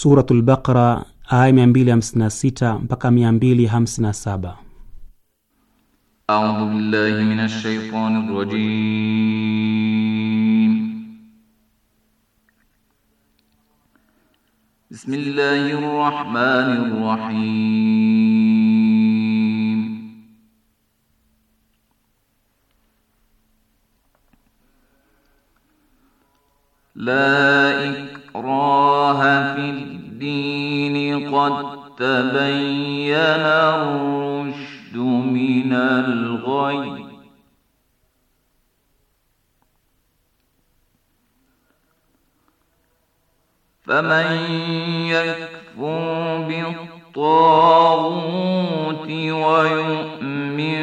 Suratul Baqara aya mia mbili hamsini na sita mpaka 257. A'udhu billahi minash shaitani rajim فمن يكفر بالطاغوت ويؤمن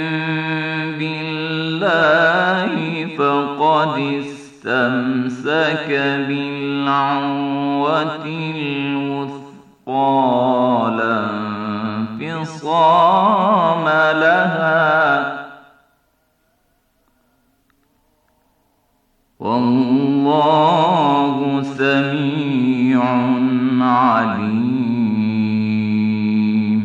بالله فقد استمسك بالعروة الوثقى لا انفصام لها والله سميع سميع عليم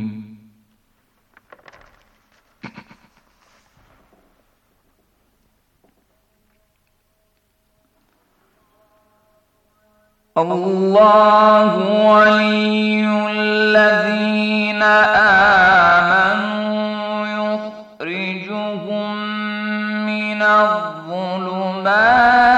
الله ولي الذين آمنوا يخرجهم من الظلمات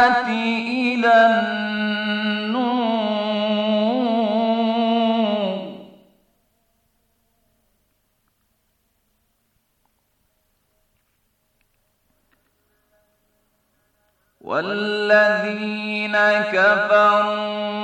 والذين كفروا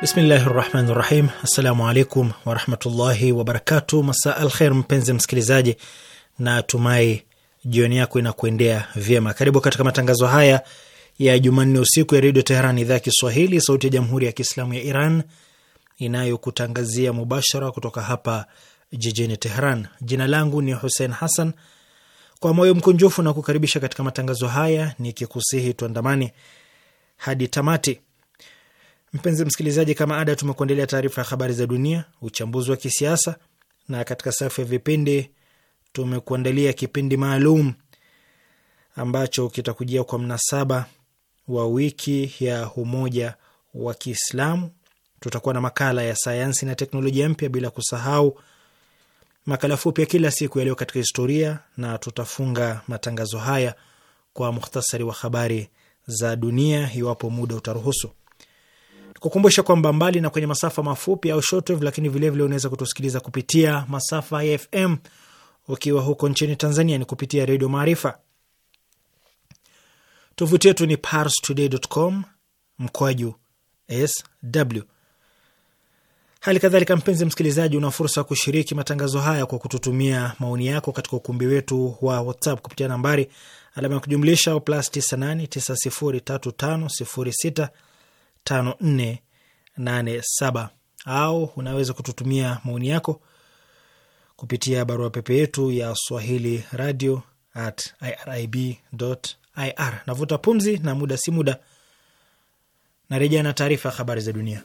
Bismillahi rahmani rahim. Assalamu alaikum warahmatullahi wabarakatu. Masa al kher, mpenzi msikilizaji, na tumai jioni yako inakuendea vyema. Karibu katika matangazo haya ya Jumanne usiku ya redio Teheran, idhaa ya Kiswahili, sauti ya jamhuri ya kiislamu ya Iran inayokutangazia mubashara kutoka hapa jijini Teheran. Jina langu ni Hussein Hassan, kwa moyo mkunjufu na kukaribisha katika matangazo haya nikikusihi tuandamani hadi tamati. Mpenzi msikilizaji, kama ada, tumekuandalia taarifa ya habari za dunia, uchambuzi wa kisiasa, na katika safu ya vipindi tumekuandalia kipindi maalum ambacho kitakujia kwa mnasaba wa wiki ya umoja wa Kiislamu. Tutakuwa na makala ya sayansi na teknolojia mpya, bila kusahau makala fupi ya kila siku yaliyo katika historia, na tutafunga matangazo haya kwa muhtasari wa habari za dunia iwapo muda utaruhusu. Kukumbusha kwamba mbali na kwenye masafa mafupi au shortwave, lakini vilevile unaweza kutusikiliza kupitia masafa ya FM ukiwa huko nchini Tanzania ni kupitia Redio Maarifa. Tovuti yetu ni parstoday.com mkwaju sw. Hali kadhalika, mpenzi msikilizaji, una fursa ya kushiriki matangazo haya kwa kututumia maoni yako katika ukumbi wetu wa WhatsApp kupitia nambari alama ya kujumlisha au plus 98 903506 5487 au unaweza kututumia maoni yako kupitia barua pepe yetu ya swahili radio at irib ir. Navuta pumzi, na muda si muda narejea na taarifa ya habari za dunia.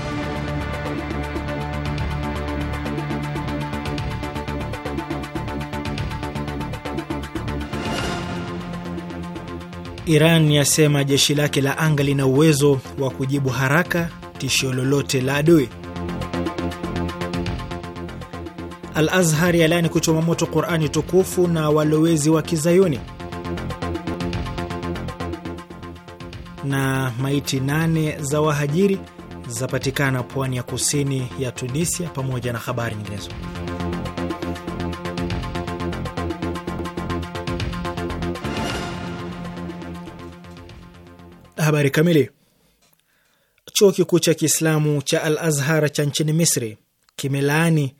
Iran yasema jeshi lake la anga lina uwezo wa kujibu haraka tishio lolote la adui. Al Azhar yalaani kuchoma moto Qurani tukufu na walowezi wa Kizayuni. Na maiti nane za wahajiri zapatikana pwani ya kusini ya Tunisia, pamoja na habari nyinginezo. Habari kamili. Chuo kikuu cha Kiislamu cha Al Azhar cha nchini Misri kimelaani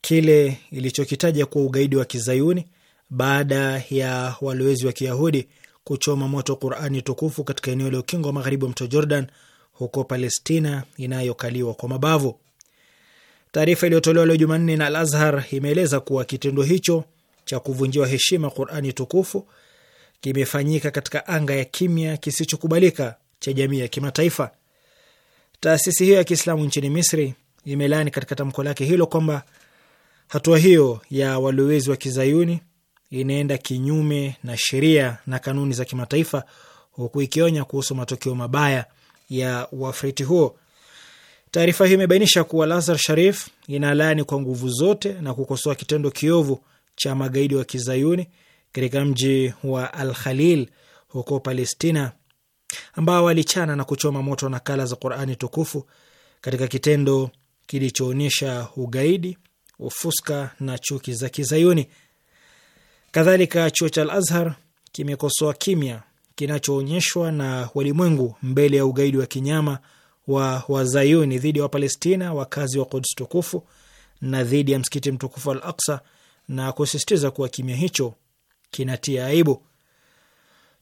kile ilichokitaja kuwa ugaidi wa kizayuni baada ya walowezi wa kiyahudi kuchoma moto Qurani tukufu katika eneo la ukingo wa magharibi wa mto Jordan huko Palestina inayokaliwa kwa mabavu. Taarifa iliyotolewa leo Jumanne na Al Azhar imeeleza kuwa kitendo hicho cha kuvunjiwa heshima Qurani tukufu kimefanyika katika anga ya kimya kisichokubalika cha jamii ya kimataifa. Taasisi hiyo ya Kiislamu nchini Misri imelaani katika tamko lake hilo kwamba hatua hiyo ya walowezi wa kizayuni inaenda kinyume na sheria na kanuni za kimataifa, huku ikionya kuhusu matokeo mabaya ya uafriti huo. Taarifa hiyo imebainisha kuwa Lazar Sharif inalaani kwa nguvu zote na kukosoa kitendo kiovu cha magaidi wa kizayuni katika mji wa Al Khalil huko Palestina, ambao walichana na kuchoma moto nakala za Qurani tukufu katika kitendo kilichoonyesha ugaidi, ufuska na chuki za Kizayuni. Kadhalika, chuo cha Al Azhar kimekosoa kimya kinachoonyeshwa na walimwengu mbele ya ugaidi wa kinyama wa Wazayuni dhidi ya Wapalestina wakazi wa Kuds tukufu na dhidi ya msikiti mtukufu Al Aksa na kusisitiza kuwa kimya hicho kinatia aibu.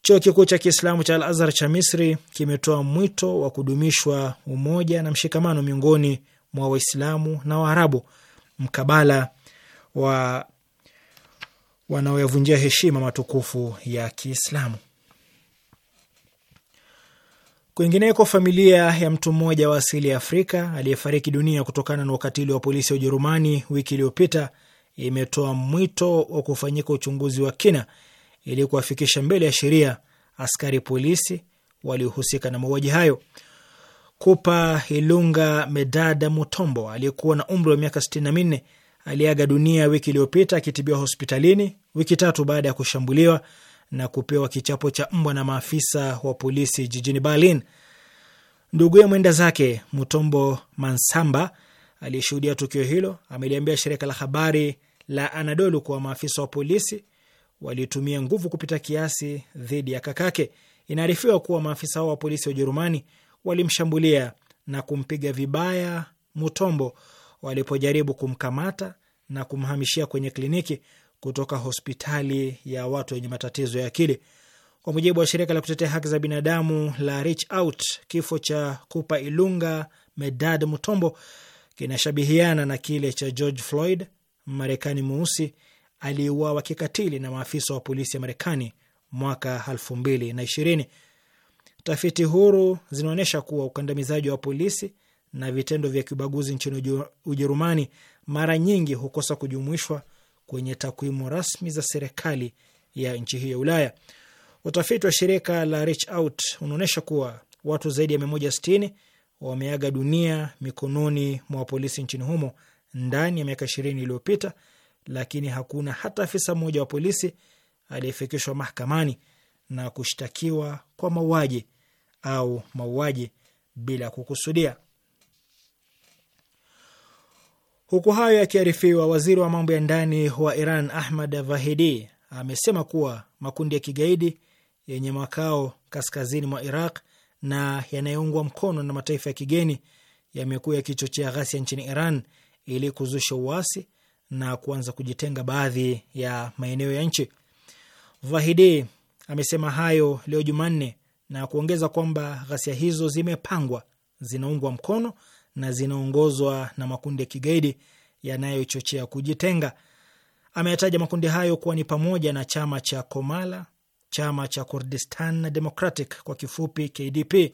Chuo kikuu cha Kiislamu cha Al Azhar cha Misri kimetoa mwito wa kudumishwa umoja na mshikamano miongoni mwa Waislamu na Waarabu mkabala wa wanaoyavunjia heshima matukufu ya Kiislamu. Kwingineko, familia ya mtu mmoja wa asili ya Afrika aliyefariki dunia kutokana na ukatili wa polisi ya Ujerumani wiki iliyopita imetoa mwito wa kufanyika uchunguzi wa kina ili kuwafikisha mbele ya sheria askari polisi waliohusika na mauaji hayo. Kupa Hilunga Medada Mutombo aliyekuwa na umri wa miaka 64 aliaga dunia wiki iliyopita akitibiwa hospitalini wiki tatu baada ya kushambuliwa na kupewa kichapo cha mbwa na maafisa wa polisi jijini Berlin. Nduguye mwenda zake Mutombo Mansamba aliyeshuhudia tukio hilo ameliambia shirika la habari la Anadolu kuwa maafisa wa polisi walitumia nguvu kupita kiasi dhidi ya kakake. Inaarifiwa kuwa maafisa hao wa polisi wa Ujerumani walimshambulia na kumpiga vibaya Mutombo walipojaribu kumkamata na kumhamishia kwenye kliniki kutoka hospitali ya watu wenye matatizo ya akili. Kwa mujibu wa shirika la kutetea haki za binadamu la Reach Out, kifo cha Kupa Ilunga Medad Mutombo kinashabihiana na kile cha George Floyd Marekani mweusi aliyeuawa kikatili na maafisa wa polisi ya Marekani mwaka elfu mbili na ishirini. Tafiti huru zinaonyesha kuwa ukandamizaji wa polisi na vitendo vya kibaguzi nchini Ujerumani mara nyingi hukosa kujumuishwa kwenye takwimu rasmi za serikali ya nchi hiyo ya Ulaya. Utafiti wa shirika la Reach Out unaonyesha kuwa watu zaidi ya 160 wameaga dunia mikononi mwa polisi nchini humo ndani ya miaka ishirini iliyopita, lakini hakuna hata afisa mmoja wa polisi aliyefikishwa mahakamani na kushtakiwa kwa mauaji au mauaji bila kukusudia. Huku hayo yakiarifiwa, waziri wa mambo ya ndani wa Iran Ahmad Vahidi amesema kuwa makundi ya kigaidi yenye makao kaskazini mwa Iraq na yanayoungwa mkono na mataifa ya kigeni yamekuwa yakichochea ghasia nchini Iran ili kuzusha uasi na kuanza kujitenga baadhi ya maeneo ya nchi. Vahidi amesema hayo leo Jumanne na kuongeza kwamba ghasia hizo zimepangwa, zinaungwa mkono na zinaongozwa na makundi ya kigaidi yanayochochea kujitenga. Ameyataja makundi hayo kuwa ni pamoja na chama cha Komala, chama cha Kurdistan Democratic kwa kifupi KDP,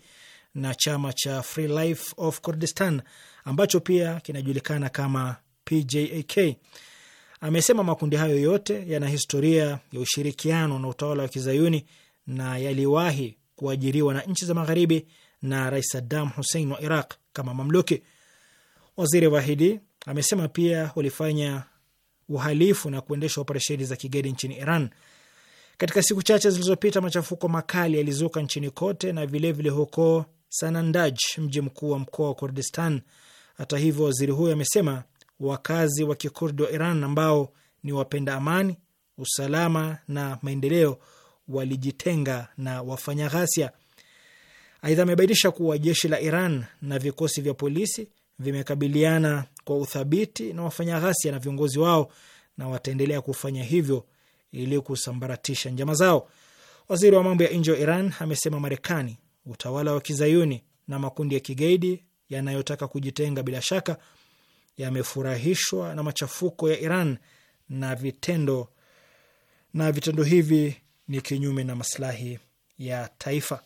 na chama cha Free Life of Kurdistan ambacho pia kinajulikana kama PJAK. Amesema makundi hayo yote yana historia ya ushirikiano na utawala wa kizayuni na yaliwahi kuajiriwa na nchi za magharibi na Rais Saddam Hussein wa Iraq kama mamluki. Waziri Wahidi amesema pia walifanya uhalifu na kuendesha operesheni za kigaidi nchini Iran. Katika siku chache zilizopita, machafuko makali yalizuka nchini kote na vilevile vile huko Sanandaj, mji mkuu wa mkoa wa Kurdistan hata hivyo, waziri huyo amesema wakazi wa kikurdi wa Iran ambao ni wapenda amani, usalama na maendeleo walijitenga na wafanya ghasia. Aidha, amebainisha kuwa jeshi la Iran na vikosi vya polisi vimekabiliana kwa uthabiti na wafanya ghasia na viongozi wao na wataendelea kufanya hivyo ili kusambaratisha njama zao. Waziri wa mambo ya nje wa Iran amesema Marekani, utawala wa kizayuni na makundi ya kigaidi yanayotaka kujitenga bila shaka yamefurahishwa na machafuko ya Iran na vitendo, na vitendo hivi ni kinyume na maslahi ya taifa.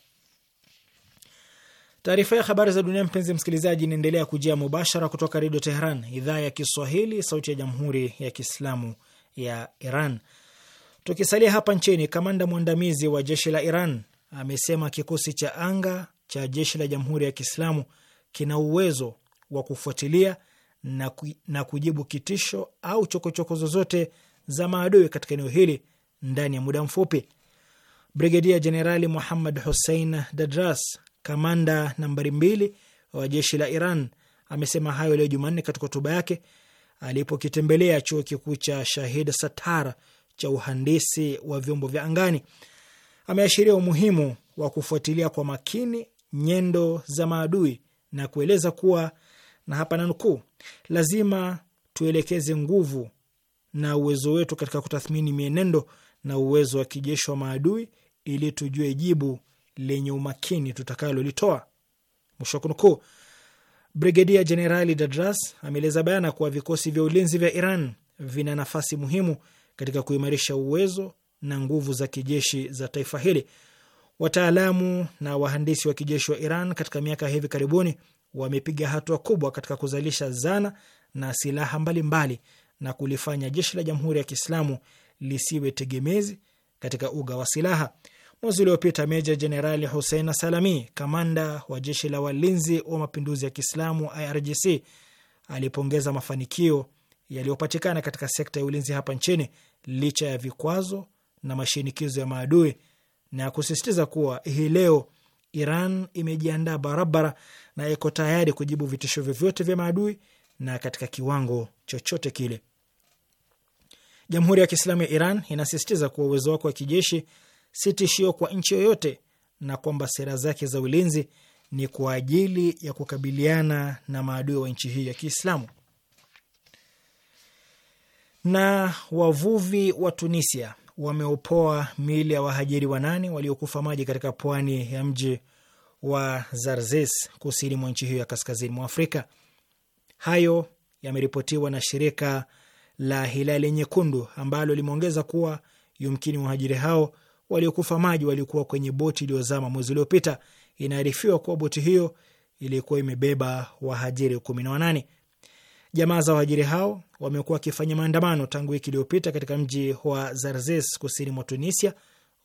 Taarifa ya habari za dunia, mpenzi msikilizaji, inaendelea kujia mubashara kutoka Redio Teheran, idhaa ya Kiswahili, sauti ya Jamhuri ya Kiislamu ya Iran. Tukisalia hapa nchini, kamanda mwandamizi wa jeshi la Iran amesema kikosi cha anga cha jeshi la Jamhuri ya Kiislamu kina uwezo wa kufuatilia na, ku, na kujibu kitisho au chokochoko zozote za maadui katika eneo hili ndani ya muda mfupi. Brigedia Jenerali Muhammad Hussein Dadras, kamanda nambari mbili wa jeshi la Iran, amesema hayo leo Jumanne katika hotuba yake alipokitembelea chuo kikuu cha Shahid satar cha uhandisi wa vyombo vya angani. Ameashiria umuhimu wa kufuatilia kwa makini nyendo za maadui na kueleza kuwa na hapa nanukuu, lazima tuelekeze nguvu na uwezo wetu katika kutathmini mienendo na uwezo wa kijeshi wa maadui ili tujue jibu lenye umakini tutakalolitoa. Mwisho wa kunukuu. Brigedia Jenerali Dadras ameeleza bayana kuwa vikosi vya ulinzi vya Iran vina nafasi muhimu katika kuimarisha uwezo na nguvu za kijeshi za taifa hili. Wataalamu na wahandisi wa kijeshi wa Iran katika miaka ya hivi karibuni wamepiga hatua kubwa katika kuzalisha zana na silaha mbalimbali mbali, na kulifanya jeshi la Jamhuri ya Kiislamu lisiwe tegemezi katika uga wa silaha. Mwezi uliopita Meja Jenerali Hussein Salami, kamanda wa jeshi la walinzi wa mapinduzi ya Kiislamu IRGC, alipongeza mafanikio yaliyopatikana katika sekta ya ulinzi hapa nchini licha ya vikwazo na mashinikizo ya maadui na kusisitiza kuwa hii leo Iran imejiandaa barabara na iko tayari kujibu vitisho vyovyote vya maadui na katika kiwango chochote kile. Jamhuri ya Kiislamu ya Iran inasisitiza kuwa uwezo wake wa kijeshi si tishio kwa nchi yoyote na kwamba sera zake za ulinzi ni kwa ajili ya kukabiliana na maadui wa nchi hii ya Kiislamu. Na wavuvi wa Tunisia wameopoa miili ya wahajiri wanane waliokufa maji katika pwani ya mji wa Zarzes kusini mwa nchi hiyo ya kaskazini mwa Afrika. Hayo yameripotiwa na shirika la Hilali Nyekundu ambalo limeongeza kuwa yumkini wahajiri hao waliokufa maji walikuwa kwenye boti iliyozama mwezi uliopita. Inaarifiwa kuwa boti hiyo ilikuwa imebeba wahajiri kumi na wanane. Jamaa za waajiri hao wamekuwa wakifanya maandamano tangu wiki iliyopita katika mji wa Zarzes kusini mwa Tunisia,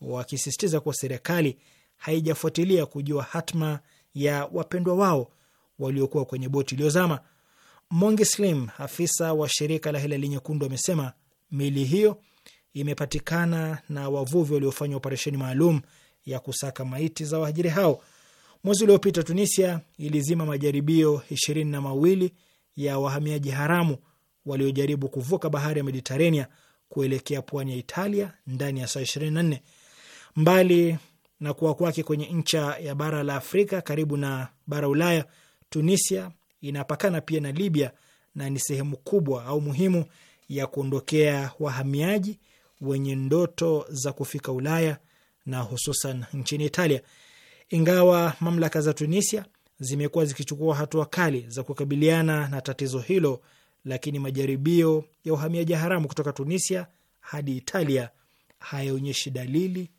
wakisisitiza kuwa serikali haijafuatilia kujua hatma ya wapendwa wao waliokuwa kwenye boti iliyozama. Mongi Slim, afisa wa shirika la Hilali Nyekundu, amesema mili hiyo imepatikana na wavuvi waliofanya operesheni maalum ya kusaka maiti za waajiri hao. Mwezi uliopita Tunisia ilizima majaribio ishirini na mawili ya wahamiaji haramu waliojaribu kuvuka bahari ya Mediterania kuelekea pwani ya Italia ndani ya saa ishirini nne. Mbali na kuwa kwake kwenye ncha ya bara la Afrika karibu na bara Ulaya, Tunisia inapakana pia na Libya na ni sehemu kubwa au muhimu ya kuondokea wahamiaji wenye ndoto za kufika Ulaya na hususan nchini Italia. Ingawa mamlaka za Tunisia zimekuwa zikichukua hatua kali za kukabiliana na tatizo hilo, lakini majaribio ya uhamiaji haramu kutoka Tunisia hadi Italia hayaonyeshi dalili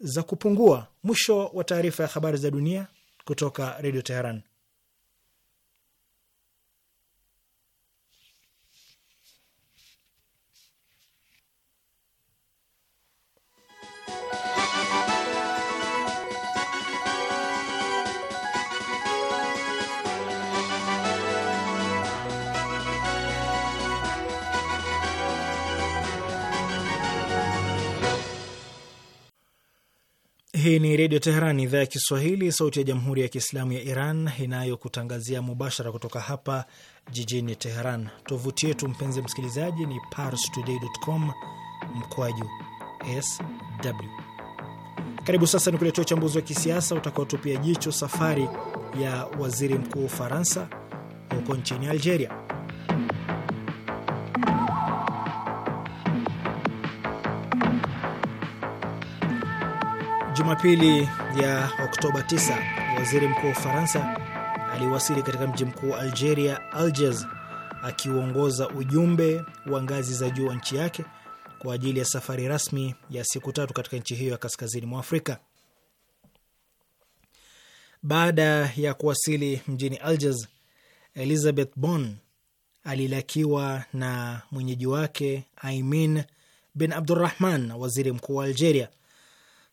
za kupungua. Mwisho wa taarifa ya habari za dunia kutoka Redio Teheran. Hii ni Redio Teheran, idhaa ya Kiswahili, sauti ya Jamhuri ya Kiislamu ya Iran, inayokutangazia mubashara kutoka hapa jijini Teheran. Tovuti yetu mpenzi msikilizaji ni parstoday.com mkwaju sw. Karibu sasa ni kuletea uchambuzi wa kisiasa utakaotupia jicho safari ya waziri mkuu wa Ufaransa huko nchini Algeria. Jumapili ya Oktoba 9 waziri mkuu wa Ufaransa aliwasili katika mji mkuu wa Algeria, Algiers, akiuongoza ujumbe wa ngazi za juu wa nchi yake kwa ajili ya safari rasmi ya siku tatu katika nchi hiyo ya kaskazini mwa Afrika. Baada ya kuwasili mjini Algiers, Elizabeth Bon alilakiwa na mwenyeji wake Aimin bin Abdurrahman, waziri mkuu wa Algeria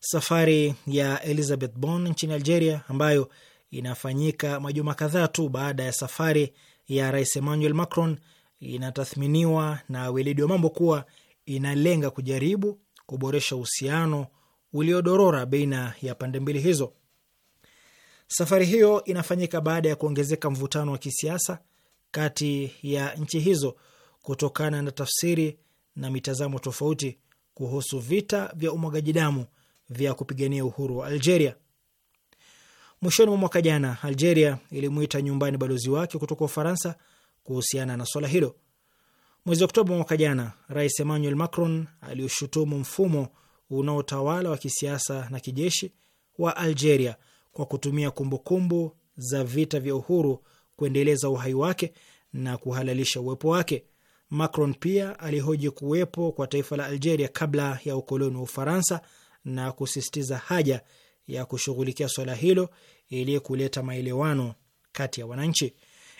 safari ya Elizabeth Bon nchini Algeria, ambayo inafanyika majuma kadhaa tu baada ya safari ya Rais Emmanuel Macron, inatathminiwa na weledi wa mambo kuwa inalenga kujaribu kuboresha uhusiano uliodorora baina ya pande mbili hizo. Safari hiyo inafanyika baada ya kuongezeka mvutano wa kisiasa kati ya nchi hizo kutokana na tafsiri na mitazamo tofauti kuhusu vita vya umwagaji damu vya kupigania uhuru wa Algeria. Mwishoni mwa mwaka jana, Algeria ilimwita nyumbani balozi wake kutoka Ufaransa kuhusiana na swala hilo. Mwezi Oktoba mwaka jana, Rais Emmanuel Macron aliushutumu mfumo unaotawala wa kisiasa na kijeshi wa Algeria kwa kutumia kumbukumbu kumbu za vita vya uhuru kuendeleza uhai wake na kuhalalisha uwepo wake. Macron pia alihoji kuwepo kwa taifa la Algeria kabla ya ukoloni wa Ufaransa na kusisitiza haja ya kushughulikia swala hilo ili kuleta maelewano kati ya wananchi.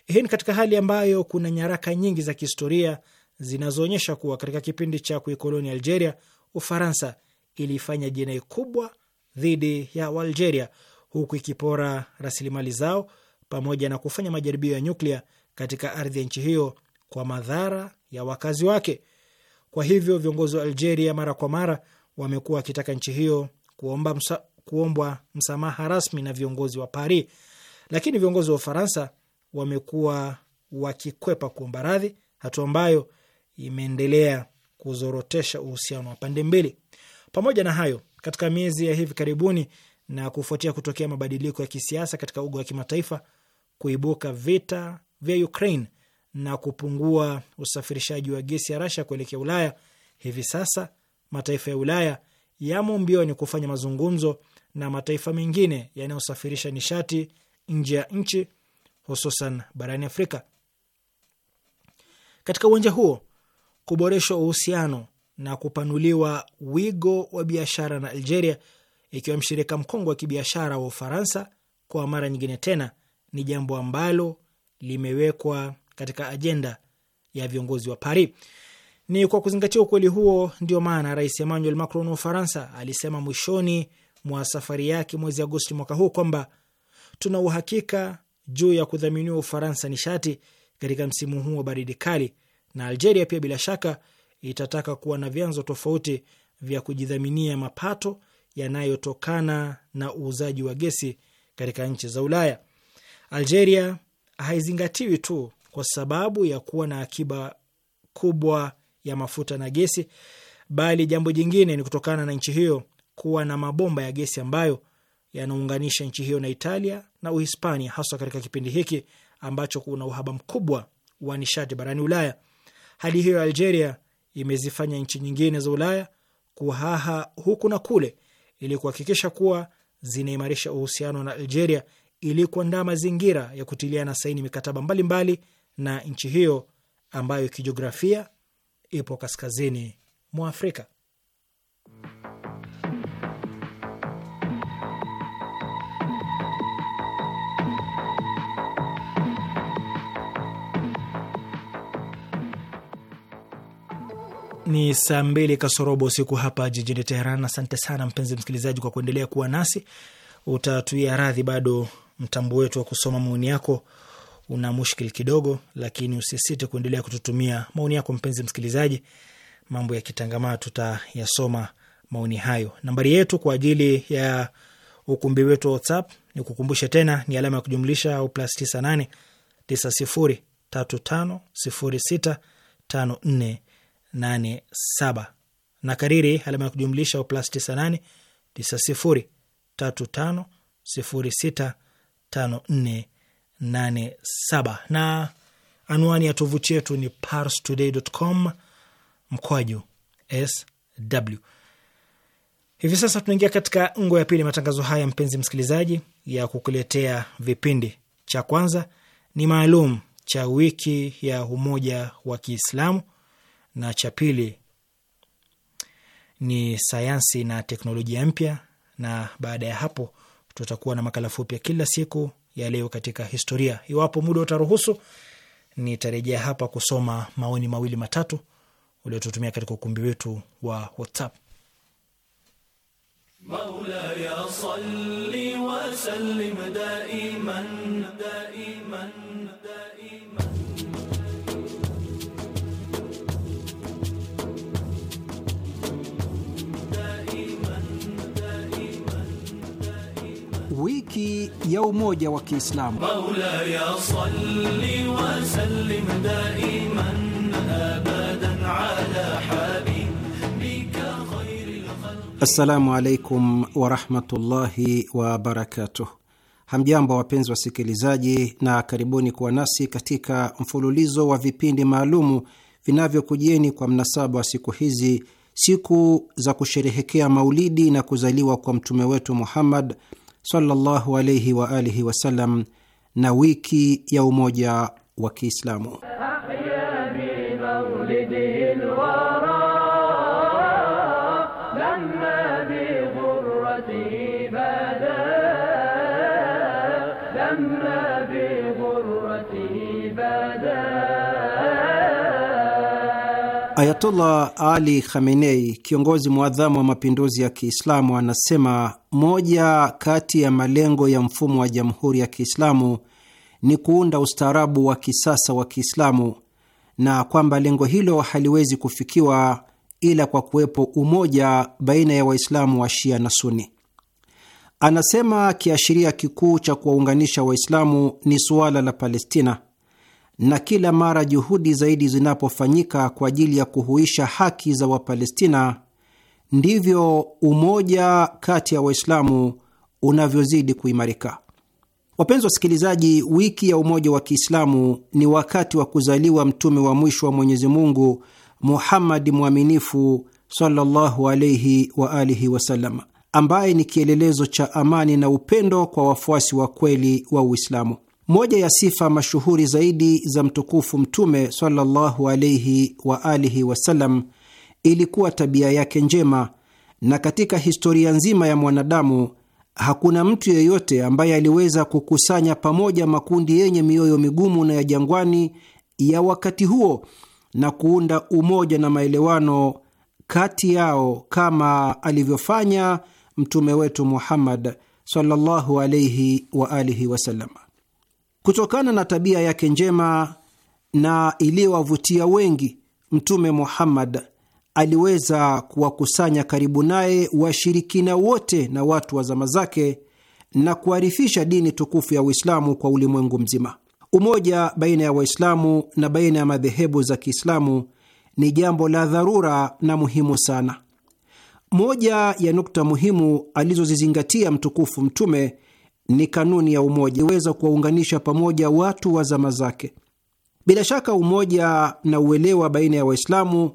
Hii ni katika hali ambayo kuna nyaraka nyingi za kihistoria zinazoonyesha kuwa katika kipindi cha kuikoloni Algeria, Ufaransa ilifanya jinai kubwa dhidi ya Waalgeria huku ikipora rasilimali zao pamoja na kufanya majaribio ya nyuklia katika ardhi ya nchi hiyo kwa madhara ya wakazi wake. Kwa hivyo viongozi wa Algeria mara kwa mara wamekuwa wakitaka nchi hiyo kuomba msa, kuombwa msamaha rasmi na viongozi wa Paris, lakini viongozi wa Ufaransa wamekuwa wakikwepa kuomba radhi, hatua ambayo imeendelea kuzorotesha uhusiano wa pande mbili. Pamoja na hayo, katika miezi ya hivi karibuni na kufuatia kutokea mabadiliko ya kisiasa katika uga wa kimataifa, kuibuka vita vya Ukraine na kupungua usafirishaji wa gesi ya Rasha kuelekea Ulaya, hivi sasa mataifa ya Ulaya yamo mbioni kufanya mazungumzo na mataifa mengine yanayosafirisha nishati nje ya nchi hususan barani Afrika. Katika uwanja huo, kuboreshwa uhusiano na kupanuliwa wigo wa biashara na Algeria, ikiwa mshirika mkongwe wa kibiashara wa Ufaransa kwa mara nyingine tena, ni jambo ambalo limewekwa katika ajenda ya viongozi wa Paris. Ni kwa kuzingatia ukweli huo ndio maana Rais Emmanuel Macron wa Ufaransa alisema mwishoni mwa safari yake mwezi Agosti mwaka huu kwamba tuna uhakika juu ya kudhaminiwa Ufaransa nishati katika msimu huu wa baridi kali, na Algeria pia bila shaka itataka kuwa na vyanzo tofauti vya kujidhaminia mapato yanayotokana na uuzaji wa gesi katika nchi za Ulaya. Algeria haizingatiwi tu kwa sababu ya kuwa na akiba kubwa ya mafuta na gesi, bali jambo jingine ni kutokana na nchi hiyo kuwa na mabomba ya gesi ambayo yanaunganisha nchi hiyo na Italia na Uhispania, haswa katika kipindi hiki ambacho kuna uhaba mkubwa wa nishati barani Ulaya. Hali hiyo ya Algeria imezifanya nchi nyingine za Ulaya kuhaha huku na kule ili kuhakikisha kuwa zinaimarisha uhusiano na Algeria ili kuandaa mazingira ya kutiliana saini mikataba mbalimbali mbali na nchi hiyo ambayo kijiografia ipo kaskazini mwa Afrika. Ni saa mbili kasorobo usiku hapa jijini Teheran. Asante sana mpenzi msikilizaji kwa kuendelea kuwa nasi. Utatuia radhi, bado mtambo wetu wa kusoma maoni yako una mushkil kidogo, lakini usisite kuendelea kututumia maoni yako, mpenzi msikilizaji. Mambo ya kitangamaa tutayasoma maoni hayo. Nambari yetu kwa ajili ya ukumbi wetu wa WhatsApp ni kukumbushe tena, ni alama ya kujumlisha au plus tisa nane tisa sifuri tatu tano sifuri sita tano nne nane saba na kariri alama ya kujumlisha au plus tisa nane tisa sifuri tatu tano sifuri sita tano nne 8 na anwani ya tovuti yetu ni parstoday.com mkwaju sw. Hivi sasa tunaingia katika ngo ya pili matangazo haya, mpenzi msikilizaji, ya kukuletea vipindi. Cha kwanza ni maalum cha wiki ya umoja wa Kiislamu, na cha pili ni sayansi na teknolojia mpya, na baada ya hapo tutakuwa na makala fupi ya kila siku ya leo katika historia. Iwapo muda utaruhusu, nitarejea hapa kusoma maoni mawili matatu uliotutumia katika ukumbi wetu wa WhatsApp. salli wa sallim daiman, daiman. wiki ya umoja wa Kiislamu. Assalamu alaikum warahmatullahi wabarakatuh. Hamjambo wapenzi wasikilizaji, na karibuni kuwa nasi katika mfululizo wa vipindi maalumu vinavyokujieni kwa mnasaba wa siku hizi, siku za kusherehekea maulidi na kuzaliwa kwa mtume wetu Muhammad sallallahu alayhi wa alihi wasallam na wiki ya umoja wa Kiislamu. Ayatollah Ali Khamenei, kiongozi mwadhamu wa mapinduzi ya Kiislamu, anasema moja kati ya malengo ya mfumo wa Jamhuri ya Kiislamu ni kuunda ustaarabu wa kisasa wa Kiislamu na kwamba lengo hilo haliwezi kufikiwa ila kwa kuwepo umoja baina ya Waislamu wa Shia na Suni. Anasema kiashiria kikuu cha kuwaunganisha Waislamu ni suala la Palestina na kila mara juhudi zaidi zinapofanyika kwa ajili ya kuhuisha haki za Wapalestina, ndivyo umoja kati ya Waislamu unavyozidi kuimarika. Wapenzi wasikilizaji, wiki ya umoja wa Kiislamu ni wakati wa kuzaliwa mtume wa mwisho wa Mwenyezi Mungu Muhammadi mwaminifu sallallahu alaihi wa alihi wasallam, ambaye ni kielelezo cha amani na upendo kwa wafuasi wa kweli wa Uislamu. Moja ya sifa mashuhuri zaidi za mtukufu Mtume sallallahu alaihi wa alihi wasallam ilikuwa tabia yake njema, na katika historia nzima ya mwanadamu hakuna mtu yeyote ambaye aliweza kukusanya pamoja makundi yenye mioyo migumu na ya jangwani ya wakati huo na kuunda umoja na maelewano kati yao kama alivyofanya mtume wetu Muhammad sallallahu alaihi wa alihi wasallam. Kutokana na tabia yake njema na iliyowavutia wengi, Mtume Muhammad aliweza kuwakusanya karibu naye washirikina wote na watu wa zama zake na kuarifisha dini tukufu ya Uislamu kwa ulimwengu mzima. Umoja baina ya Waislamu na baina ya madhehebu za Kiislamu ni jambo la dharura na muhimu sana. Moja ya nukta muhimu alizozizingatia mtukufu Mtume ni kanuni ya umoja iweza kuwaunganisha pamoja watu wa zama zake. Bila shaka umoja na uelewa baina ya Waislamu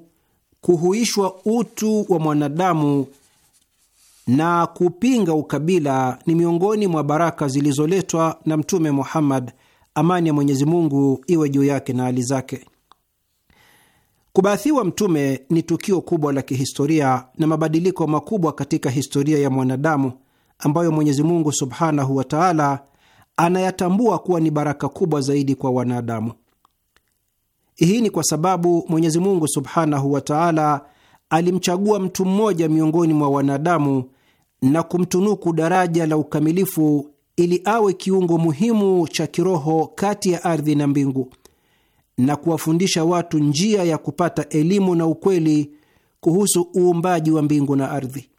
kuhuishwa utu wa mwanadamu na kupinga ukabila ni miongoni mwa baraka zilizoletwa na Mtume Muhammad, amani ya Mwenyezi Mungu iwe juu yake na hali zake. Kubaathiwa Mtume ni tukio kubwa la kihistoria na mabadiliko makubwa katika historia ya mwanadamu ambayo Mwenyezi Mungu subhanahu wa taala anayatambua kuwa ni baraka kubwa zaidi kwa wanadamu. Hii ni kwa sababu Mwenyezi Mungu subhanahu wa taala alimchagua mtu mmoja miongoni mwa wanadamu na kumtunuku daraja la ukamilifu ili awe kiungo muhimu cha kiroho kati ya ardhi na mbingu na kuwafundisha watu njia ya kupata elimu na ukweli kuhusu uumbaji wa mbingu na ardhi.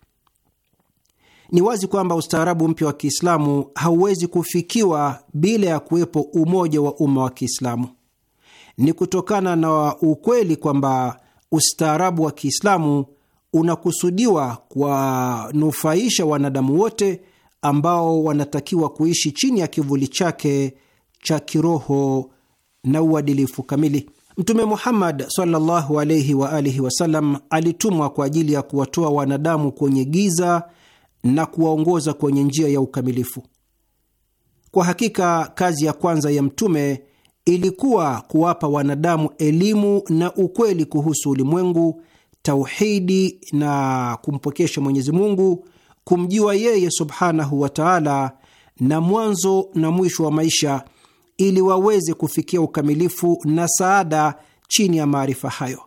Ni wazi kwamba ustaarabu mpya wa Kiislamu hauwezi kufikiwa bila ya kuwepo umoja wa umma wa Kiislamu. Ni kutokana na ukweli kwamba ustaarabu wa Kiislamu unakusudiwa kuwanufaisha wanadamu wote ambao wanatakiwa kuishi chini ya kivuli chake cha kiroho na uadilifu kamili. Mtume Muhammad sallallahu alaihi wa alihi wasallam alitumwa kwa ajili ya kuwatoa wanadamu kwenye giza na kuwaongoza kwenye njia ya ukamilifu. Kwa hakika kazi ya kwanza ya mtume ilikuwa kuwapa wanadamu elimu na ukweli kuhusu ulimwengu, tauhidi na kumpokesha Mwenyezi Mungu, kumjua yeye subhanahu wa taala, na mwanzo na mwisho wa maisha, ili waweze kufikia ukamilifu na saada chini ya maarifa hayo.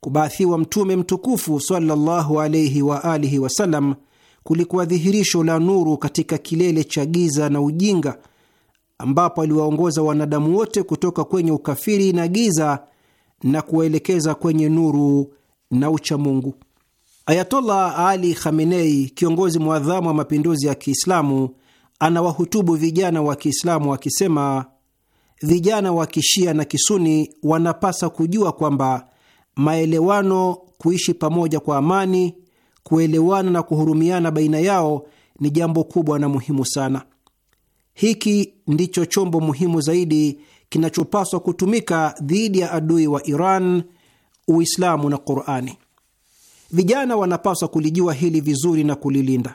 Kubaathiwa Mtume mtukufu sallallahu alaihi wa alihi wasallam kulikuwa dhihirisho la nuru katika kilele cha giza na ujinga, ambapo aliwaongoza wanadamu wote kutoka kwenye ukafiri na giza na kuwaelekeza kwenye nuru na uchamungu. Ayatollah Ali Khamenei, kiongozi mwadhamu wa mapinduzi ya Kiislamu, anawahutubu vijana wa Kiislamu akisema, vijana wa Kishia na Kisuni wanapasa kujua kwamba maelewano, kuishi pamoja kwa amani kuelewana na kuhurumiana baina yao ni jambo kubwa na muhimu sana. Hiki ndicho chombo muhimu zaidi kinachopaswa kutumika dhidi ya adui wa Iran, Uislamu na Qurani. Vijana wanapaswa kulijua hili vizuri na kulilinda.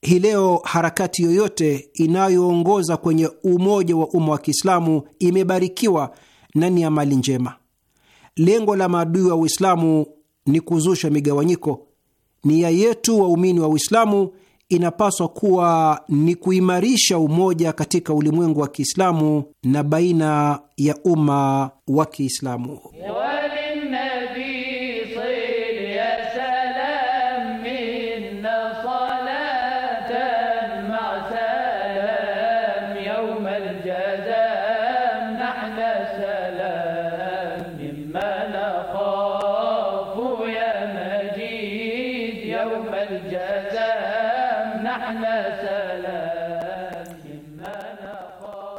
Hii leo harakati yoyote inayoongoza kwenye umoja wa umma wa Kiislamu imebarikiwa na ni amali njema. Lengo la maadui wa Uislamu ni kuzusha migawanyiko, Nia yetu waumini wa Uislamu inapaswa kuwa ni kuimarisha umoja katika ulimwengu wa Kiislamu na baina ya umma wa Kiislamu.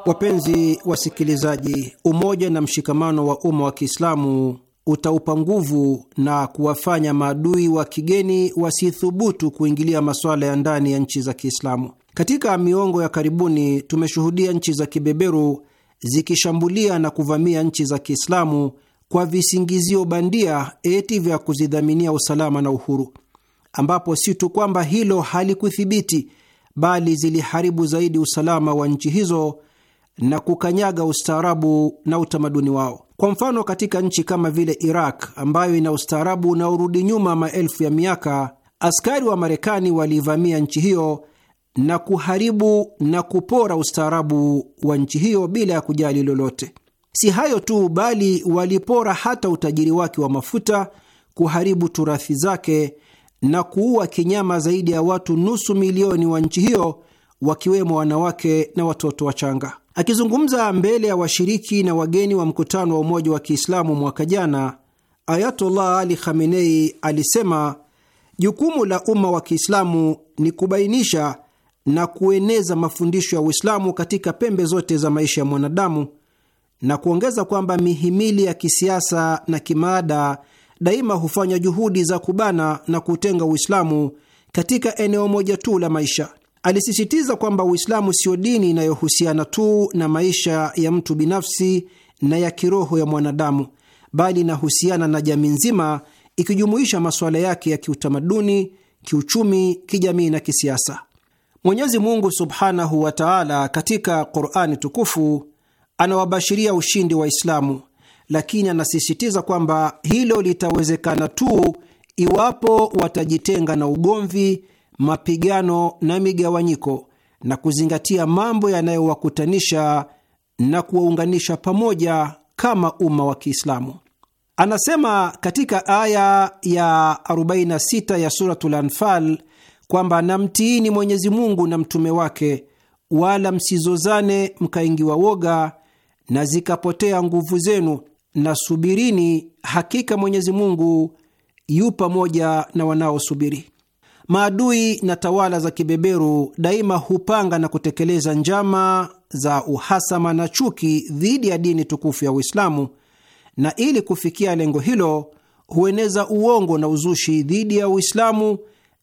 Wapenzi wasikilizaji, umoja na mshikamano wa umma wa Kiislamu utaupa nguvu na kuwafanya maadui wa kigeni wasithubutu kuingilia masuala ya ndani ya nchi za Kiislamu. Katika miongo ya karibuni tumeshuhudia nchi za kibeberu zikishambulia na kuvamia nchi za Kiislamu kwa visingizio bandia eti vya kuzidhaminia usalama na uhuru, ambapo si tu kwamba hilo halikuthibiti, bali ziliharibu zaidi usalama wa nchi hizo na kukanyaga ustaarabu na utamaduni wao. Kwa mfano, katika nchi kama vile Iraq ambayo ina ustaarabu unaorudi nyuma maelfu ya miaka, askari wa Marekani waliivamia nchi hiyo na kuharibu na kupora ustaarabu wa nchi hiyo bila ya kujali lolote. Si hayo tu, bali walipora hata utajiri wake wa mafuta, kuharibu turathi zake na kuua kinyama zaidi ya watu nusu milioni wa nchi hiyo, wakiwemo wanawake na watoto wachanga. Akizungumza mbele ya washiriki na wageni wa mkutano wa umoja wa Kiislamu mwaka jana, Ayatollah Ali Khamenei alisema jukumu la umma wa Kiislamu ni kubainisha na kueneza mafundisho ya Uislamu katika pembe zote za maisha ya mwanadamu na kuongeza kwamba mihimili ya kisiasa na kimaada daima hufanya juhudi za kubana na kutenga Uislamu katika eneo moja tu la maisha Alisisitiza kwamba Uislamu sio dini inayohusiana tu na maisha ya mtu binafsi na ya kiroho ya mwanadamu, bali inahusiana na jamii nzima, ikijumuisha masuala yake ya kiutamaduni, kiuchumi, kijamii na kisiasa. Mwenyezi Mungu subhanahu wa taala katika Qurani tukufu anawabashiria ushindi wa Islamu, lakini anasisitiza kwamba hilo litawezekana tu iwapo watajitenga na ugomvi mapigano na migawanyiko na kuzingatia mambo yanayowakutanisha na kuwaunganisha pamoja kama umma wa Kiislamu. Anasema katika aya ya 46 ya Suratul Anfal kwamba namtiini Mwenyezi Mungu na mtume wake, wala msizozane mkaingiwa woga na zikapotea nguvu zenu, na subirini, hakika Mwenyezi Mungu yu pamoja na wanaosubiri. Maadui na tawala za kibeberu daima hupanga na kutekeleza njama za uhasama na chuki dhidi ya dini tukufu ya Uislamu, na ili kufikia lengo hilo hueneza uongo na uzushi dhidi ya Uislamu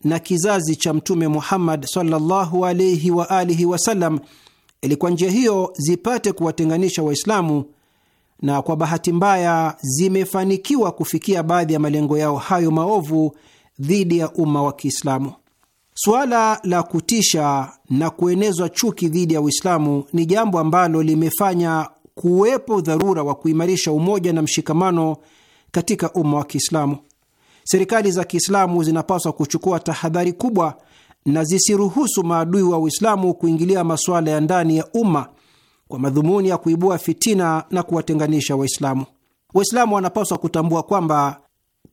na kizazi cha Mtume Muhammad sallallahu alaihi wa alihi wasallam, ili kwa njia hiyo zipate kuwatenganisha Waislamu, na kwa bahati mbaya zimefanikiwa kufikia baadhi ya malengo yao hayo maovu dhidi ya umma wa Kiislamu. Suala la kutisha na kuenezwa chuki dhidi ya Uislamu ni jambo ambalo limefanya kuwepo dharura wa kuimarisha umoja na mshikamano katika umma wa Kiislamu. Serikali za Kiislamu zinapaswa kuchukua tahadhari kubwa na zisiruhusu maadui wa Uislamu kuingilia masuala ya ndani ya umma kwa madhumuni ya kuibua fitina na kuwatenganisha Waislamu. Waislamu wanapaswa kutambua kwamba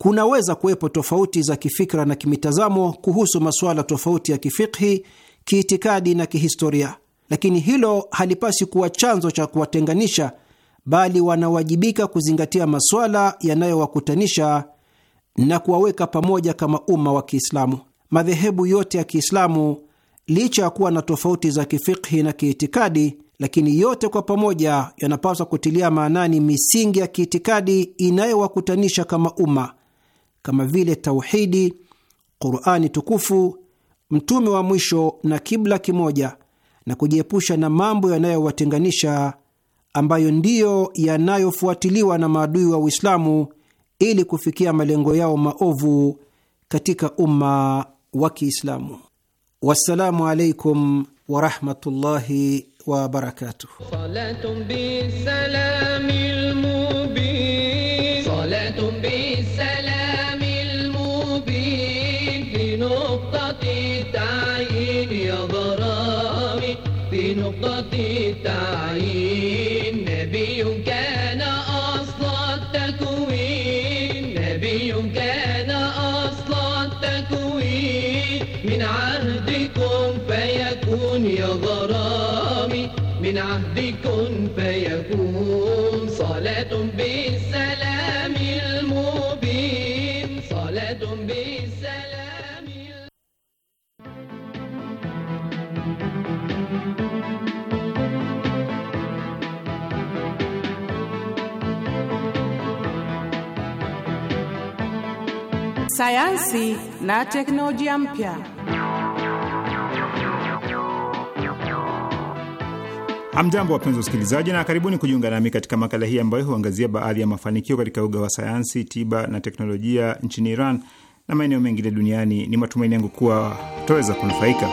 kunaweza kuwepo tofauti za kifikra na kimitazamo kuhusu masuala tofauti ya kifikhi, kiitikadi na kihistoria, lakini hilo halipasi kuwa chanzo cha kuwatenganisha, bali wanawajibika kuzingatia masuala yanayowakutanisha na kuwaweka pamoja kama umma wa Kiislamu. Madhehebu yote ya Kiislamu, licha ya kuwa na tofauti za kifikhi na kiitikadi, lakini yote kwa pamoja yanapaswa kutilia maanani misingi ya kiitikadi inayowakutanisha kama umma kama vile tauhidi, Qurani tukufu, mtume wa mwisho na kibla kimoja, na kujiepusha na mambo yanayowatenganisha ambayo ndiyo yanayofuatiliwa na maadui wa Uislamu ili kufikia malengo yao maovu katika umma wa Kiislamu. Wassalamu alaikum warahmatullahi wabarakatuh. sayansi na teknolojia mpya. Hamjambo, wapenzi usikilizaji na karibuni kujiunga nami katika makala hii ambayo huangazia baadhi ya mafanikio katika uga wa sayansi, tiba na teknolojia nchini Iran na maeneo mengine duniani. Ni matumaini yangu kuwa tutaweza kunufaika.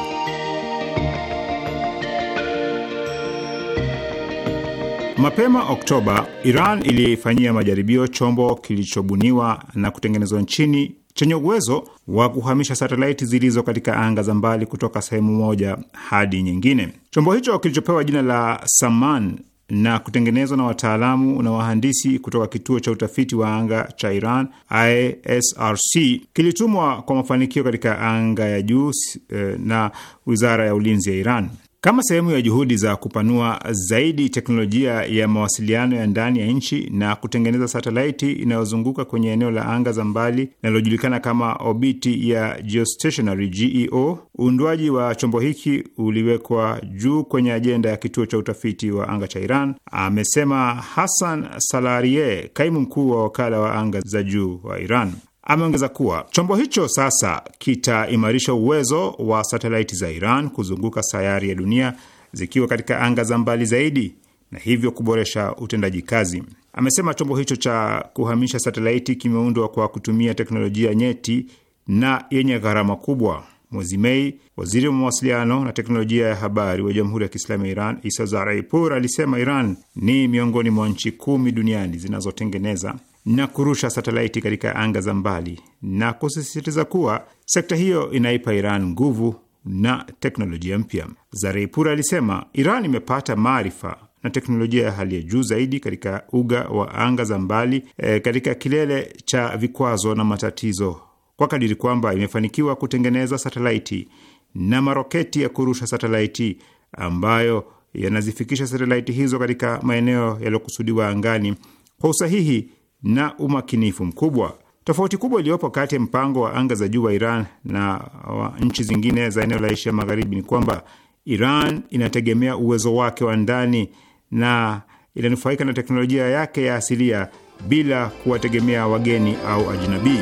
Mapema Oktoba, Iran ilifanyia majaribio chombo kilichobuniwa na kutengenezwa nchini chenye uwezo wa kuhamisha satelaiti zilizo katika anga za mbali kutoka sehemu moja hadi nyingine. Chombo hicho kilichopewa jina la Saman na kutengenezwa na wataalamu na wahandisi kutoka kituo cha utafiti wa anga cha Iran ISRC kilitumwa kwa mafanikio katika anga ya juu eh, na Wizara ya Ulinzi ya Iran. Kama sehemu ya juhudi za kupanua zaidi teknolojia ya mawasiliano ya ndani ya nchi na kutengeneza satelaiti inayozunguka kwenye eneo la anga za mbali linalojulikana kama obiti ya geostationary GEO, uundwaji wa chombo hiki uliwekwa juu kwenye ajenda ya kituo cha utafiti wa anga cha Iran, amesema Hassan Salarie, kaimu mkuu wa wakala wa anga za juu wa Iran. Ameongeza kuwa chombo hicho sasa kitaimarisha uwezo wa satelaiti za Iran kuzunguka sayari ya dunia zikiwa katika anga za mbali zaidi na hivyo kuboresha utendaji kazi. Amesema chombo hicho cha kuhamisha satelaiti kimeundwa kwa kutumia teknolojia nyeti na yenye gharama kubwa. Mwezi Mei, waziri wa mawasiliano na teknolojia ya habari wa Jamhuri ya Kiislamu ya Iran Isa Zaraipur alisema Iran ni miongoni mwa nchi kumi duniani zinazotengeneza na kurusha satelaiti katika anga za mbali na kusisitiza kuwa sekta hiyo inaipa Iran nguvu na teknolojia mpya. Zareipur alisema Iran imepata maarifa na teknolojia ya hali ya juu zaidi katika uga wa anga za mbali e, katika kilele cha vikwazo na matatizo, kwa kadiri kwamba imefanikiwa kutengeneza satelaiti na maroketi ya kurusha satelaiti ambayo yanazifikisha satelaiti hizo katika maeneo yaliyokusudiwa angani kwa usahihi na umakinifu mkubwa. Tofauti kubwa iliyopo kati ya mpango wa anga za juu wa Iran na wa nchi zingine za eneo la Asia Magharibi ni kwamba Iran inategemea uwezo wake wa ndani na inanufaika na teknolojia yake ya asilia bila kuwategemea wageni au ajinabii.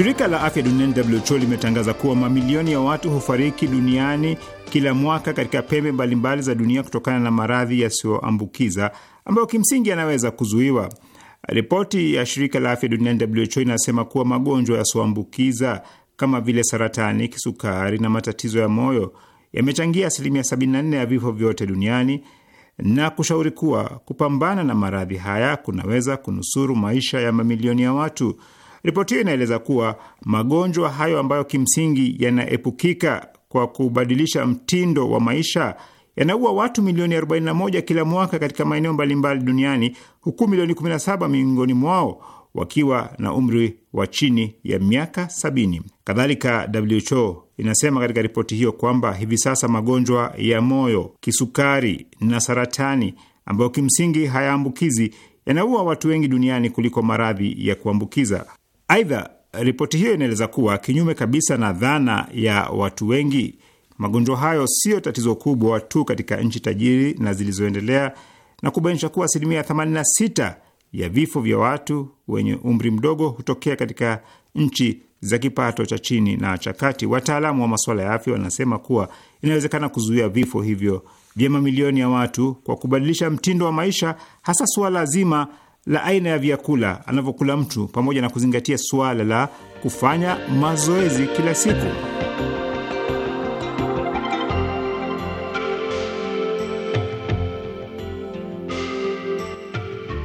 Shirika la afya duniani WHO limetangaza kuwa mamilioni ya watu hufariki duniani kila mwaka katika pembe mbalimbali za dunia kutokana na maradhi yasiyoambukiza ambayo kimsingi yanaweza kuzuiwa. Ripoti ya shirika la afya duniani WHO inasema kuwa magonjwa yasiyoambukiza kama vile saratani, kisukari na matatizo ya moyo yamechangia asilimia 74 ya vifo vyote duniani na kushauri kuwa kupambana na maradhi haya kunaweza kunusuru maisha ya mamilioni ya watu. Ripoti hiyo inaeleza kuwa magonjwa hayo ambayo kimsingi yanaepukika kwa kubadilisha mtindo wa maisha yanaua watu milioni 41 kila mwaka katika maeneo mbalimbali duniani huku milioni 17 miongoni mwao wakiwa na umri wa chini ya miaka 70. Kadhalika, WHO inasema katika ripoti hiyo kwamba hivi sasa magonjwa ya moyo, kisukari na saratani ambayo kimsingi hayaambukizi yanaua watu wengi duniani kuliko maradhi ya kuambukiza. Aidha, ripoti hiyo inaeleza kuwa kinyume kabisa na dhana ya watu wengi, magonjwa hayo siyo tatizo kubwa tu katika nchi tajiri na zilizoendelea, na kubainisha kuwa asilimia 86 ya vifo vya watu wenye umri mdogo hutokea katika nchi za kipato cha chini na cha kati. Wataalamu wa masuala ya afya wanasema kuwa inawezekana kuzuia vifo hivyo vya mamilioni ya watu kwa kubadilisha mtindo wa maisha, hasa suala zima la aina ya vyakula anavyokula mtu pamoja na kuzingatia suala la kufanya mazoezi kila siku.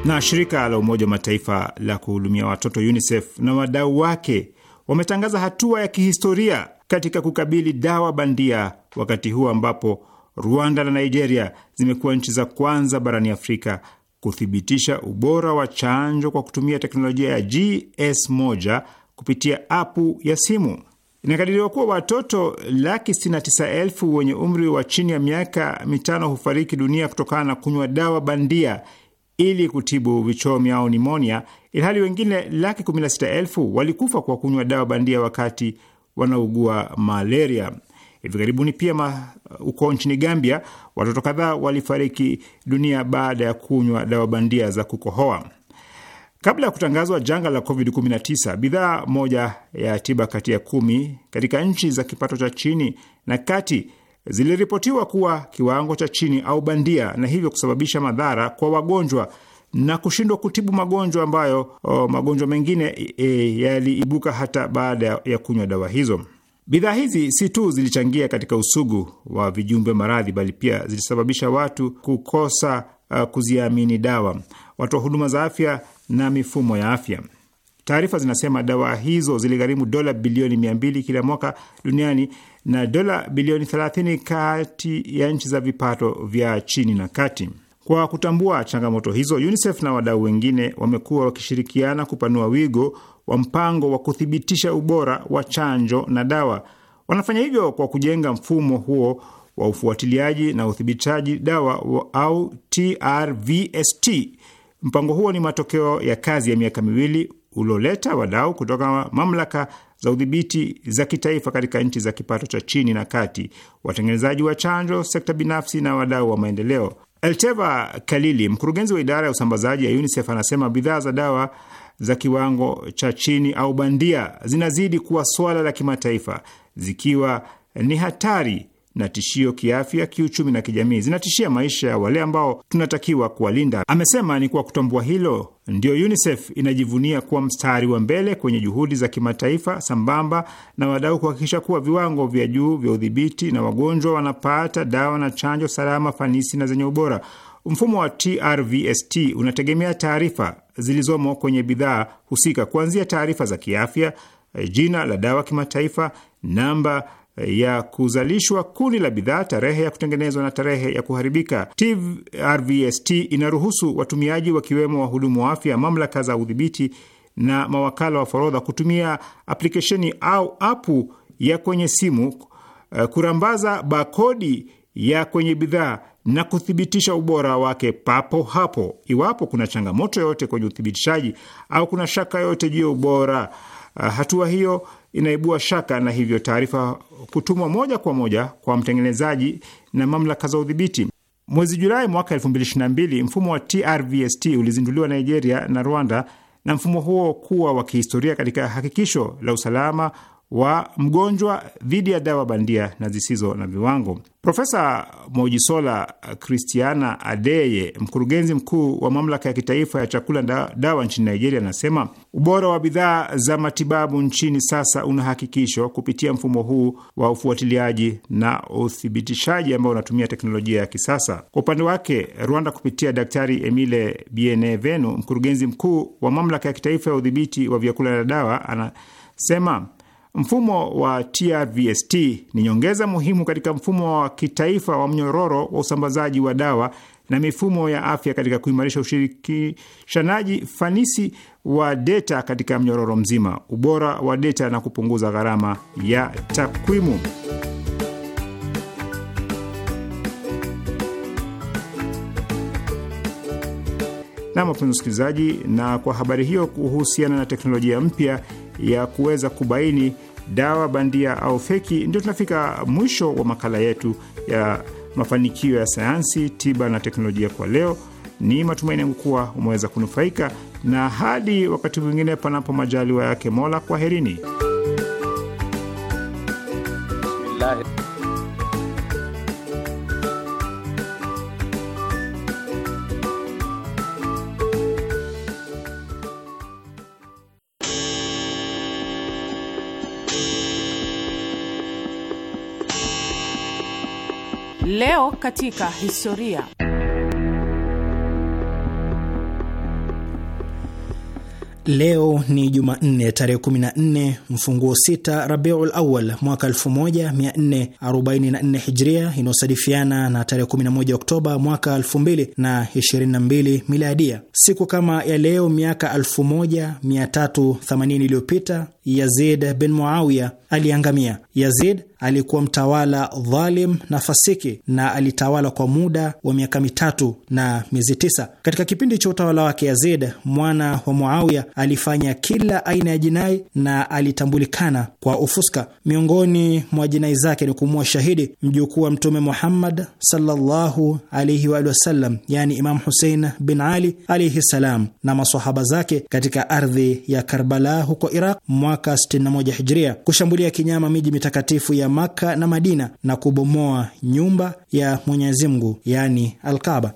Na shirika la Umoja wa Mataifa la kuhudumia watoto UNICEF na wadau wake wametangaza hatua ya kihistoria katika kukabili dawa bandia, wakati huu ambapo Rwanda na Nigeria zimekuwa nchi za kwanza barani Afrika kuthibitisha ubora wa chanjo kwa kutumia teknolojia ya GS1 kupitia apu ya simu. Inakadiriwa kuwa watoto laki sitini na tisa elfu wenye umri wa chini ya miaka mitano hufariki dunia kutokana na kunywa dawa bandia ili kutibu vichomi au nimonia, ilhali wengine laki kumi na sita elfu walikufa kwa kunywa dawa bandia wakati wanaugua malaria. Hivi karibuni pia huko uh, uko nchini Gambia watoto kadhaa walifariki dunia baada ya kunywa dawa bandia za kukohoa. Kabla ya kutangazwa janga la COVID-19, bidhaa moja ya tiba kati ya kumi katika nchi za kipato cha chini na kati ziliripotiwa kuwa kiwango cha chini au bandia, na hivyo kusababisha madhara kwa wagonjwa na kushindwa kutibu magonjwa ambayo o, oh, magonjwa mengine e, yaliibuka hata baada ya kunywa dawa hizo. Bidhaa hizi si tu zilichangia katika usugu wa vijumbe maradhi, bali pia zilisababisha watu kukosa uh, kuziamini dawa, watoa huduma za afya na mifumo ya afya. Taarifa zinasema dawa hizo ziligharimu dola bilioni mia mbili kila mwaka duniani na dola bilioni thelathini kati ya nchi za vipato vya chini na kati. Kwa kutambua changamoto hizo, UNICEF na wadau wengine wamekuwa wakishirikiana kupanua wigo wa mpango wa kuthibitisha ubora wa chanjo na dawa. Wanafanya hivyo kwa kujenga mfumo huo wa ufuatiliaji na uthibitishaji dawa au TRVST. Mpango huo ni matokeo ya kazi ya miaka miwili ulioleta wadau kutoka mamlaka za udhibiti za kitaifa katika nchi za kipato cha chini na kati, watengenezaji wa chanjo, sekta binafsi na wadau wa maendeleo. Elteva Kalili, mkurugenzi wa idara ya usambazaji ya UNICEF, anasema bidhaa za dawa za kiwango cha chini au bandia zinazidi kuwa swala la kimataifa zikiwa ni hatari na tishio kiafya, kiuchumi na kijamii, zinatishia maisha ya wale ambao tunatakiwa kuwalinda. Amesema ni kwa kutambua hilo ndiyo UNICEF inajivunia kuwa mstari wa mbele kwenye juhudi za kimataifa sambamba na wadau kuhakikisha kuwa viwango vya juu vya udhibiti na wagonjwa wanapata dawa na chanjo salama, fanisi na zenye ubora. Mfumo wa TRVST unategemea taarifa zilizomo kwenye bidhaa husika, kuanzia taarifa za kiafya, eh, jina la dawa kimataifa, namba ya kuzalishwa, kuni la bidhaa, tarehe ya kutengenezwa na tarehe ya kuharibika. rvst inaruhusu watumiaji wakiwemo wahudumu wa afya, mamlaka za udhibiti na mawakala wa forodha kutumia aplikesheni au apu ya kwenye simu eh, kurambaza bakodi ya kwenye bidhaa na kuthibitisha ubora wake papo hapo. Iwapo kuna changamoto yoyote kwenye uthibitishaji au kuna shaka yoyote juu ya ubora, eh, hatua hiyo inaibua shaka na hivyo taarifa kutumwa moja kwa moja kwa mtengenezaji na mamlaka za udhibiti. Mwezi Julai mwaka 2022 mfumo wa TRVST ulizinduliwa Nigeria na Rwanda, na mfumo huo kuwa wa kihistoria katika hakikisho la usalama wa mgonjwa dhidi ya dawa bandia na zisizo na viwango. Profesa Mojisola Christiana Adeye, mkurugenzi mkuu wa mamlaka ya kitaifa ya chakula na dawa nchini Nigeria, anasema ubora wa bidhaa za matibabu nchini sasa unahakikishwa kupitia mfumo huu wa ufuatiliaji na uthibitishaji ambao unatumia teknolojia ya kisasa. Kwa upande wake, Rwanda kupitia Daktari Emile Bienevenu, mkurugenzi mkuu wa mamlaka ya kitaifa ya udhibiti wa vyakula na dawa, anasema Mfumo wa TRVST ni nyongeza muhimu katika mfumo wa kitaifa wa mnyororo wa usambazaji wa dawa na mifumo ya afya katika kuimarisha ushirikishanaji fanisi wa deta katika mnyororo mzima, ubora wa deta na kupunguza gharama ya takwimu. Nam, wapenzi wasikilizaji, na kwa habari hiyo kuhusiana na teknolojia mpya ya kuweza kubaini dawa bandia au feki. Ndio tunafika mwisho wa makala yetu ya mafanikio ya sayansi, tiba na teknolojia kwa leo. Ni matumaini yangu kuwa umeweza kunufaika, na hadi wakati mwingine, panapo majaliwa yake Mola, kwaherini. Bismillahi. Leo katika historia. Leo ni Jumanne tarehe 14 mfunguo 6 Rabiul Awal mwaka 1444 Hijria, inayosadifiana na tarehe 11 Oktoba mwaka 2022 Miladia. Siku kama ya leo miaka 1380 iliyopita Yazid bin Muawiya aliangamia. Yazid alikuwa mtawala dhalim na fasiki na alitawala kwa muda wa miaka mitatu na miezi tisa. Katika kipindi cha utawala wake, Yazid mwana wa Muawiya alifanya kila aina ya jinai na alitambulikana kwa ufuska. Miongoni mwa jinai zake ni kumua shahidi mjukuu wa Mtume Muhammad sallallahu alaihi wa sallam, yani Imam Husein bin Ali alaihi salam na masahaba zake katika ardhi ya Karbala huko Iraq mwaka 61 Hijria, kushambulia kinyama miji mitakatifu ya ya Maka na Madina na kubomoa nyumba ya Mwenyezi Mungu, yaani Alkaba.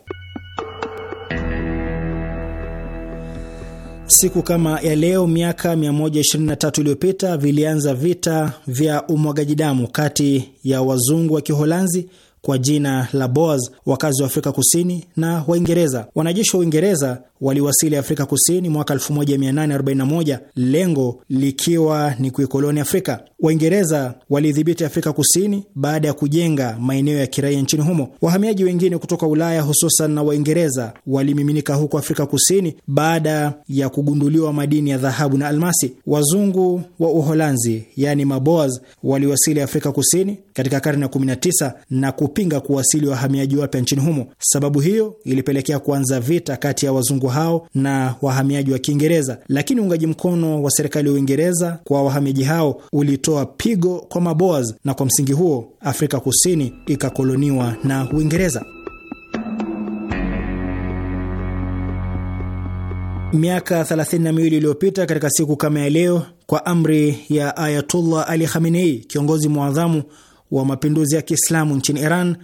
Siku kama ya leo miaka 123 iliyopita vilianza vita vya umwagaji damu kati ya wazungu wa Kiholanzi kwa jina la Boers, wakazi wa Afrika Kusini, na Waingereza. Wanajeshi wa Uingereza waliwasili Afrika Kusini mwaka 1841, lengo likiwa ni kuikoloni Afrika. Waingereza walidhibiti Afrika Kusini baada ya kujenga maeneo ya kiraia nchini humo. Wahamiaji wengine kutoka Ulaya, hususan na Waingereza, walimiminika huko Afrika Kusini baada ya kugunduliwa madini ya dhahabu na almasi. Wazungu wa Uholanzi, yani Maboas, waliwasili Afrika Kusini katika karne ya 19 na kupinga kuwasili wahamiaji wapya nchini humo. Sababu hiyo ilipelekea kuanza vita kati ya wazungu hao na wahamiaji wa Kiingereza, lakini uungaji mkono wa serikali ya Uingereza kwa wahamiaji hao ulitoa pigo kwa maboas, na kwa msingi huo Afrika Kusini ikakoloniwa na Uingereza. Miaka 32 iliyopita katika siku kama ya leo, kwa amri ya Ayatullah Ali Khamenei, kiongozi mwadhamu wa mapinduzi ya Kiislamu nchini Iran,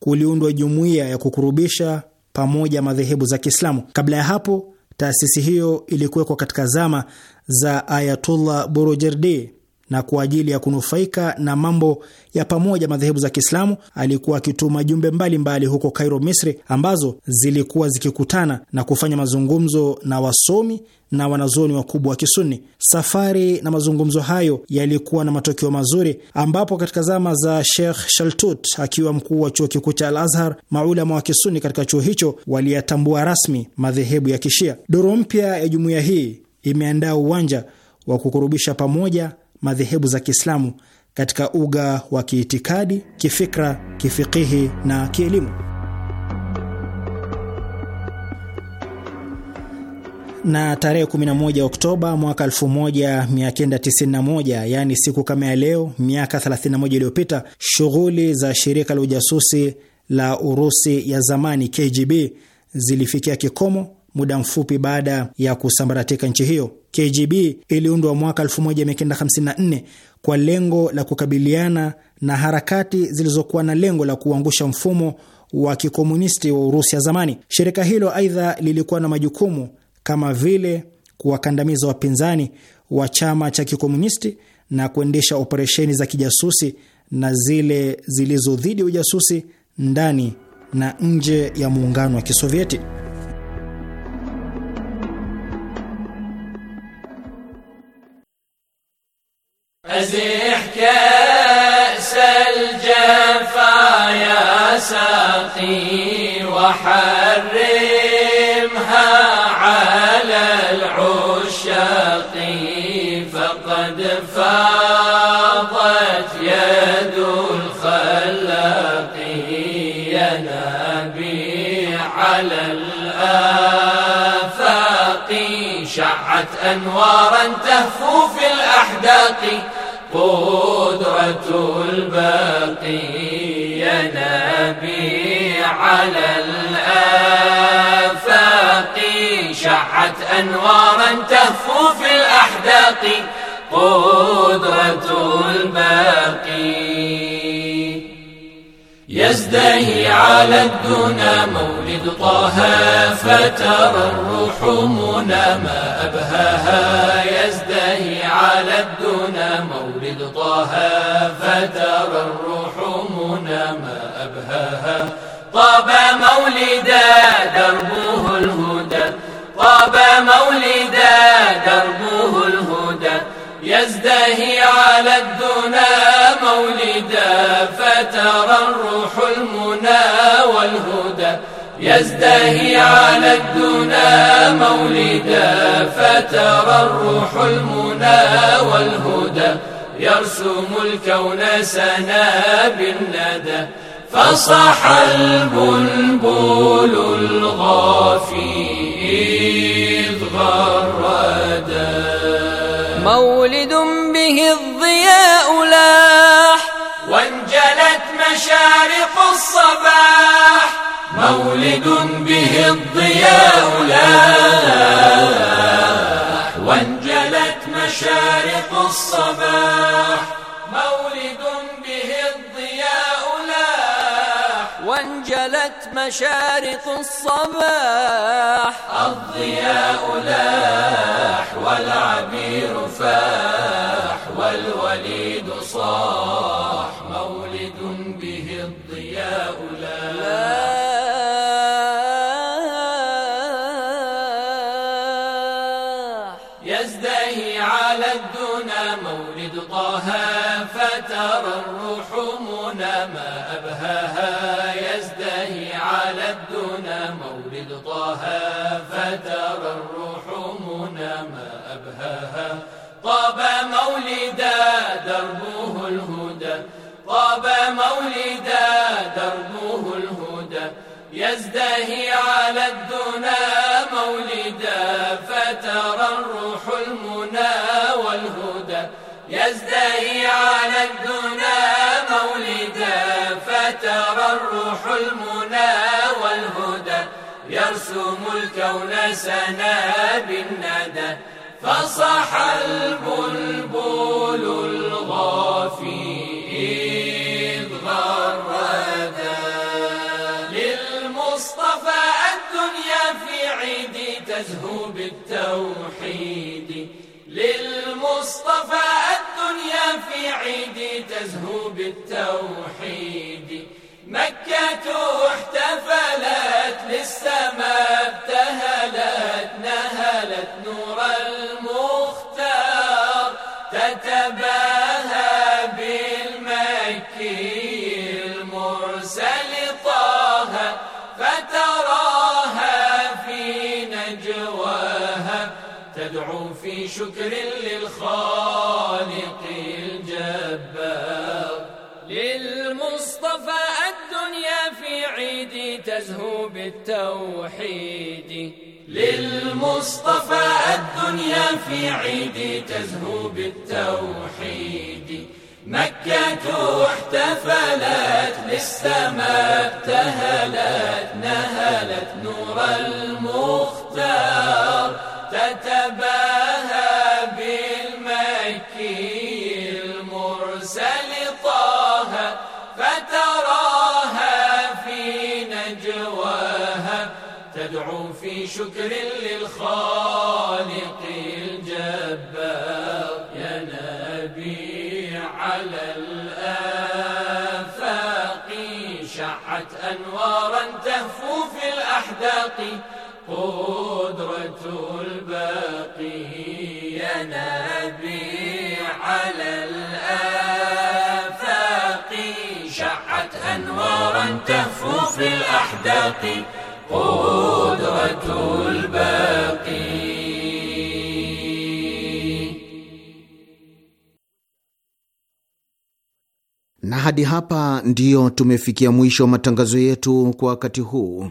kuliundwa jumuiya ya kukurubisha pamoja madhehebu za Kiislamu. Kabla ya hapo, taasisi hiyo ilikuwekwa katika zama za Ayatullah Borojerdi na kwa ajili ya kunufaika na mambo ya pamoja madhehebu za Kiislamu, alikuwa akituma jumbe mbalimbali huko Kairo, Misri, ambazo zilikuwa zikikutana na kufanya mazungumzo na wasomi na wanazuoni wakubwa wa Kisuni. Safari na mazungumzo hayo yalikuwa na matokeo mazuri, ambapo katika zama za Sheikh Shaltut akiwa mkuu wa chuo kikuu cha Al Azhar, maulama wa Kisuni katika chuo hicho waliyatambua rasmi madhehebu ya Kishia. Duru mpya ya jumuiya hii imeandaa uwanja wa kukurubisha pamoja madhehebu za Kiislamu katika uga wa kiitikadi, kifikra, kifikihi na kielimu. Na tarehe 11 Oktoba mwaka 1991, yaani siku kama ya leo miaka 31 iliyopita, shughuli za shirika la ujasusi la Urusi ya zamani KGB zilifikia kikomo muda mfupi baada ya kusambaratika nchi hiyo. KGB iliundwa mwaka 1954 kwa lengo la kukabiliana na harakati zilizokuwa na lengo la kuangusha mfumo wa kikomunisti wa Urusi ya zamani. Shirika hilo aidha lilikuwa na majukumu kama vile kuwakandamiza wapinzani wa chama cha kikomunisti na kuendesha operesheni za kijasusi na zile zilizo dhidi ya ujasusi ndani na nje ya muungano wa Kisovieti. أزيح كأس الجفا يا ساقي وحرمها على العشاق فقد فاضت يد الخلاق يا نبي على الآفاق شعت أنوارا تهفو في الأحداق قدرة الباقي يا نبي على الآفاق شحت أنوارا تهفو في الأحداق قدرة الباقي يزدهي على الدنا مولد طه فترى الروح منى ما أبهاها يزدهي على الدنا قبل طه فترى الروح منى ما أبهاها طاب مولدا دربه الهدى طاب مولدا دربه الهدى يزدهي على الدنا مولدا فترى الروح المنى والهدى يزدهي على الدنا مولدا فترى الروح المنى والهدى يرسم الكون سنا بالندى فصح البلبل إذ غردا مولد به الضياء لاح وانجلت مشارق الصباح مولد به الضياء لاح الصباح مولد به الضياء لاح وانجلت مشارق الصباح الضياء لاح والعبير فاح والوليد صاح مولدا دربه الهدى طاب مولدا دربه الهدى يزدهي على الدنا مولدا فترى الروح المنى والهدى يزدهي على الدنا مولدا فترى الروح المنى والهدى يرسم الكون سنا بالندى فصح البلبل الغافي إذ غردا للمصطفى الدنيا في عيد تزهو بالتوحيد للمصطفى الدنيا في عيد تزهو بالتوحيد مكة احتفلت للسماء ابتهلت نهلت نور شكر للخالق الجبار للمصطفى الدنيا في عيدي تزهو بالتوحيد للمصطفى الدنيا في عيدي تزهو بالتوحيد مكة احتفلت للسماء ابتهلت نهلت نور المختار تتبادل الأخلاق قدرة الباقي يا نبي على الآفاق شعت أنوارا تهفو في الأحداق قدرة الباقي na hadi hapa ndiyo tumefikia mwisho wa matangazo yetu kwa wakati huu.